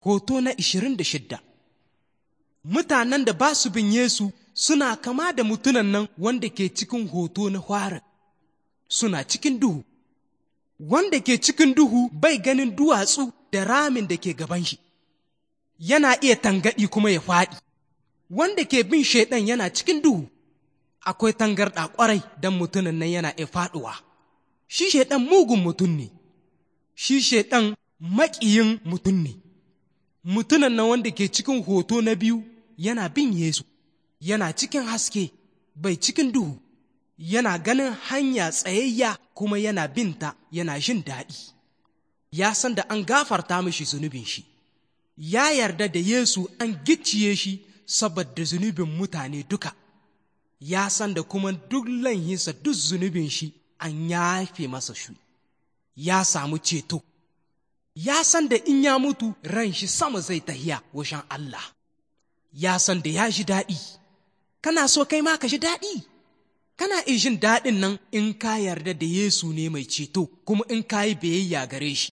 hoto na ishirin da shidda. mutanen da ba su bin Yesu suna kama da mutunan nan wanda ke cikin hoto na fara suna cikin duhu wanda ke cikin duhu bai ganin duwatsu da ramin da ke gaban shi yana iya tangaɗi kuma ya faɗi wanda ke bin shaiɗan yana cikin duhu akwai tangarɗa ƙwarai don mutunan nan yana iya faɗuwa shi shaiɗan mugun mutum ne shi shaiɗan maƙiyin mutum ne mutunan nan wanda ke cikin hoto na biyu yana bin Yesu, yana cikin haske, bai cikin duhu, yana ganin hanya tsayayya kuma yana binta yana jin daɗi. Ya san da an gafarta mishi zunubin shi, ya yarda da Yesu an gicciye shi saboda zunubin mutane duka, ya san da kuma duk lanyinsa duk zunubin shi an yafe masa shi, ya samu ceto. ya san da in ya mutu ran shi sama zai tahiya wajen Allah ya san da ya ji daɗi kana so kai ma ka ji daɗi kana iya daɗin nan in ka yarda da Yesu ne mai ceto kuma in ka yi biyayya gare shi